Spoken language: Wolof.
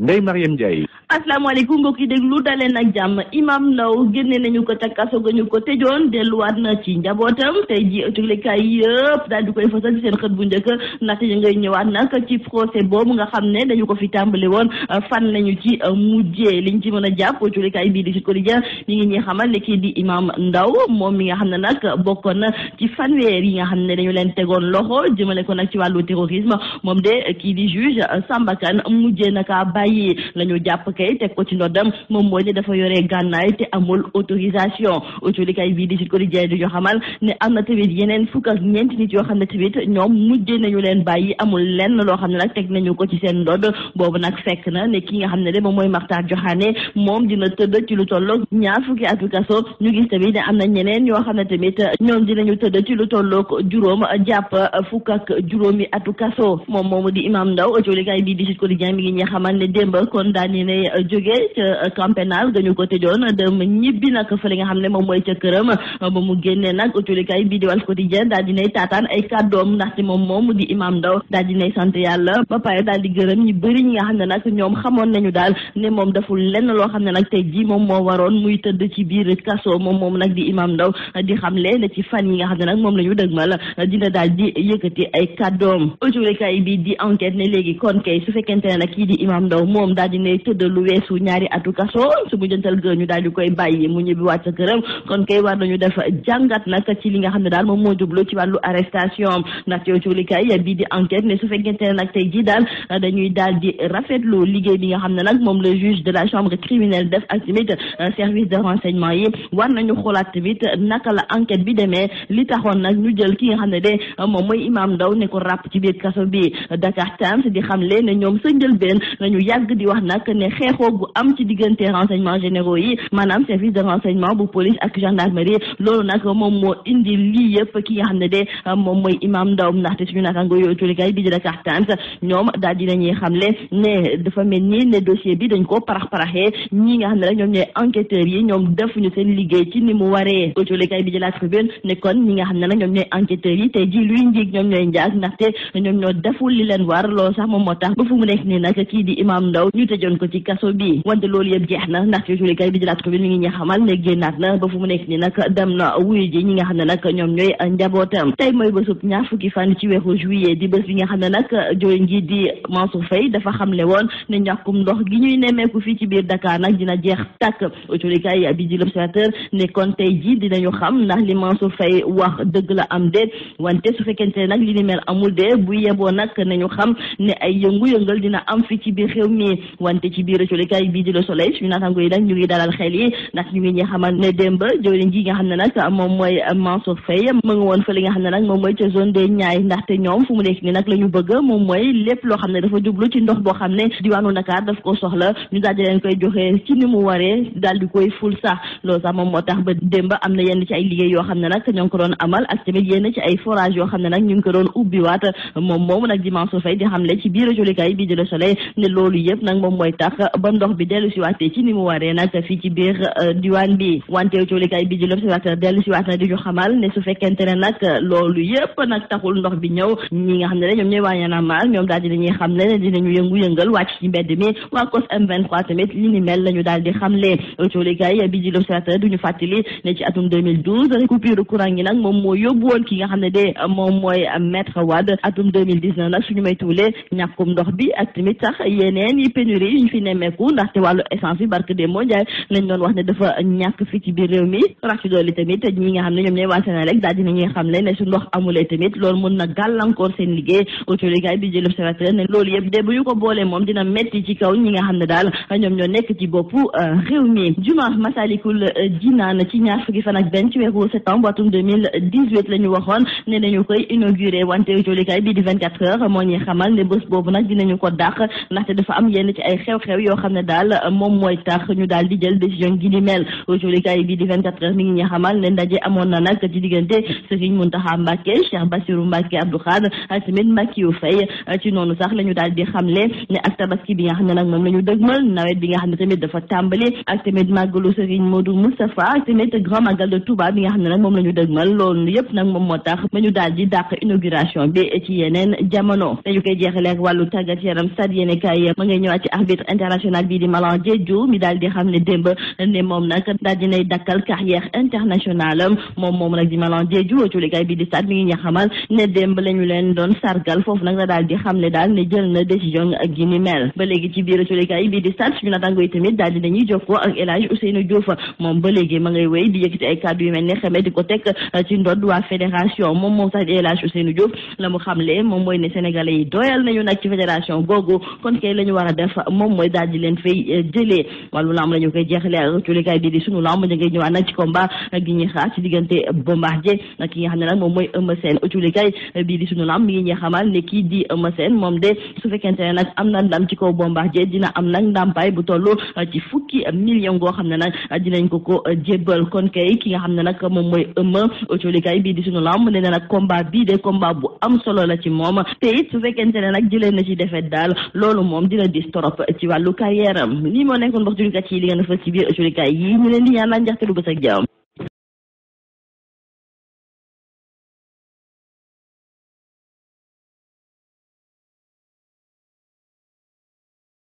Ndeye Marieme Ndiaye asalaamaaleykum mbokk yi déglu daleen ak jàmm imam ndaw génne nañu ko ca kaso ga ñu ko te joon tëjoon waat na ci njabootam tey ji ëtulikaay yëpp daal di koy fësal ci seen xët bu njëkk ndaxte ñu ngay ñëwaat nag ci procès boobu nga xam ne ko fi tàmbali woon fan nañu ci mujjee liñ ci mën a jàpp ëtulikaay bii di Sud Quotidien mi ngi ñuy xamal ne kii di imam ndaw moom mi nga xam ne nag bokkoon na ci fanweer yi nga xam ne dañu leen tegoon loxo jëmale ko nag ci wàllu terrorisme moom de kii di juge Samba Kane mujjee naka bàyyi lañu jàpp kay waxee teg ko ci ndoddam moom mooy ne dafa yore gànnaay te amul autorisation autolikay bii di Sud Quotidien di ñu xamal ne am na tamit yeneen fukk ak ñeenti nit ñoom ki nga xam ne de moom mooy Maxtaar Joxaane moom dina tëdd ci lu tolloog ñaar fukki atu kaso ñu gis na ñeneen yoo xam ne tamit ñoom dinañu tëdd ci lu tolloog juróom jàpp fukk ak juróomi atu kaso moom moomu di Imam Ndaw autolikay bii di Sud Quotidien mi ngi ñi xamal ne démb kon daani dañuy jógee ca euh, camp pénal dañu ko tëjoon dem ñibbi nag fa li nga xam ne moom mooy ca këram euh, ba mu génnee nag autolikaay bii di Walf Quotidien daal dinay taataan ay kàddoom ndaxte moom moom di imam Ndaw daal dinay ne nag ñoom xamoon nañu daal ne moom deful ci biir kaso moom moom nag di imam Ndaw di xamle ne ci fan yi nga xam ne nag moom la ñu dëgmal dina daal di yëkkati ay kàddoom autolikaay bi di enquête ne léegi kon kay su fekkente ne nag kii di imam Ndaw moom daal dinay tëdd lu weesu ñaari atu kaso su mu jëntal ga ñu daal di koy bàyyi mu ñibbi wàcc këram kon kay war nañu def jàngat nag ci li nga xam ne daal moom moo jublu ci wàllu arrestation ndax yow cuulikaay bii di enquête ne su fekkente nag tey jii daal dañuy daal di rafetlu liggéey bi nga xam ne nag moom le juge de la chambre criminelle def ak tamit euh, service de renseignement yi war nañu xoolaat tamit naka la enquête bi demee li taxoon nag ñu jël ki nga xam ne de euh, moom mooy imam ndaw ko ràpp ci biir kaso bi Dakar Times di xam le ne ñoom sa njëlbeen nañu ne xeexoo bu am ci diggante renseignement généraux yi maanaam service de renseignement bu police ak gendarmerie loolu nag moom moo indi lii yëpp ki xam ne de euh, moom mooy imam ndaw ñoom ñooy enquêteurs yi ñoom defuñu mu waree turikaay bi di La Tribune ne kon ñi nga xam ne nag ñoom ñooy enquêteurs yi tey luy njiig ñoom ñooy njaag ndaxte ñoom ñoo deful leen war loolu sax moom moo tax ba fu mu nekk nii nag kii di imam ndaw ñu tëjoon ko ci kaso bi wante loolu yëpp jeex na ndax juli kay bi di la tribune mi ngi ñuy xamal ne génnaat na ba fu mu nekk ni nag dem na wuyu ji ñi nga xam ne nag ñoom ñooy njabootam tey mooy bésub xam ne nag jooy nji di Mansour ndox gi ñuy nemmeeku fii ci biir Dakar nag dina jeex tàkk autolikaay bi di l'observateur ne kon tey ji dinañu xam ndax li Mansour Faye wax dëgg la am de wante su fekkente nag li ni mel amul de bu yeboo nag nañu xam ne ay yëngu-yëngal dina am fii ci biir réew mi wante ci biir ci yéenekaay bii di Le Soleil suñu naataango yi nag ñu ngi dalal ndax ñu ngi ñi ne démb jëwriñ ji nga xam ne nag moom mooy Mansour Faye mu nga xam ne nag moom mooy xam ne dafa jublu ci ndox boo ko soxla ñu daal koy joxe ci ni waree daal di koy ful sax loolu sax moom moo tax ba démb am na yenn ci ay liggéey yoo xam ne nag ñoo ngi amal ak tamit yenn ci ay forage yoo xam ne nag ñu ngi ko doon ubbiwaat moom nag di Mansour di ba ndox bi dellu si waatee ci ni mu waree nag fii ci biir euh, diwaan bi wante coolikaay bi di l'observateur dellu si waat na di ñu xamal ne su fekkente ne nag loolu yëpp nag taxul ndox bi ñëw ñi nga xam ne ñoom ñooy waa Y'en a marre ñoom daal di dañuy xam ne dinañu yëngu-yëngal wàcc ci mbedd mi waa COS M23 tamit li ni mel la ñu daal di xamle coolikaay bi di l'observateur duñu fàttali ne ci atum 2012 coupure courant gi nag moom moo yóbbu woon ki nga xam ne de moom mooy maître Wade atum 2019 nag suñu may tuulee ñàkkum ndox bi ak tamit sax yeneen yi pénurie yi ñu fi nemmee nemmeeku ndaxte wàllu essence bi barke de moo njaay lañ wax ne dafa ñàkk fii ci biir réew mi rax ci tamit ñi ñi nga xam ne ñoom ñoo nekk ci bopp euh, réew mi juma masalikul euh, jinaan ci ñaar fukki fan benn ci weeru septembre atum 2018 la ñu waxoon ne dañu koy inauguré wante autolikaay bi di 24 heures moo xamal ne bés boobu nag dinañu ko dàq ndaxte dafa am yenn ci ay xew-xew yoo yoo xam ne daal euh, moom mooy tax ñu daal di jël décision gi ni mel aujourd'hui kay bii di 24 heures mi ngi ñu xamal ne ndaje amoon na nag ci diggante Serigne Mountakha Mbacké Cheikh Bassirou Mbacké Abdou Khadre tamit Mbacké yu fay euh, ci noonu sax ñu daal di xamle ne ak tabaski bi nga xam ne nag moom la ñu dëgmal nawet bi nga xam ne tamit dafa tàmbali ak tamit ak tamit grand magal de Touba bi nga xam ne nag moom la ñu dëgmal loolu yëpp nag moom moo tax ba ñu daal di dàq inauguration bi ci yeneen jamono te ñu koy jeexale ak wàllu tàggat yaram stade yéene kaay national bi di Malang Diédhiou mi daal di xam ne démb ne moom nag daal dinay dakkal carrière internationale am moom di Malang mi ngi ñu ne démb la ñu leen doon sargal foofu nag la daal di xam ne daal ne jël na décision ak gi ni mel ba léegi ci biir culikay bi di stade suñu natango yi tamit daal di nañuy jokkoo ak El Hadj Ousseynou Diouf moom ba léegi ma ngay wéy di yëkkati ay kàddu mel ne xamee di ko teg uh, ci ndodd waa fédération moom moom sax di El Hadj Ousseynou Diouf la mu xamle moom mooy ne sénégalais yi doyal nañu nag ci a def daal di leen fay eh, jëlee wàllu lamb la ñu koy jeexale a culikaay bii di sunu lamb ñu ngay ñëwaat nag ci combat gi ñuy xaar ci diggante Bombardier nag ne nag moom mooy Eumeu Sène culikaay bii di sunu lamb mi ngi ñuy xamal ne kii di Eumeu Sène moom ne nag am na ndam ci kaw eh, eh, ko ko jébbal kon ki nga xam ne nag moom mooy Eumeu culikaay bii di sunu lamb nee na nag combat bii de combat bu am solo la ci moom te it su fekkente ne nag jëlee na ci defet daal loolu moom dina dis torop ci wàllu carrière am lii moo nekkoon wax julikat yi li ngeen a fës ci biir julikat yi ñu leen di ñaanal njeexte lu bës ak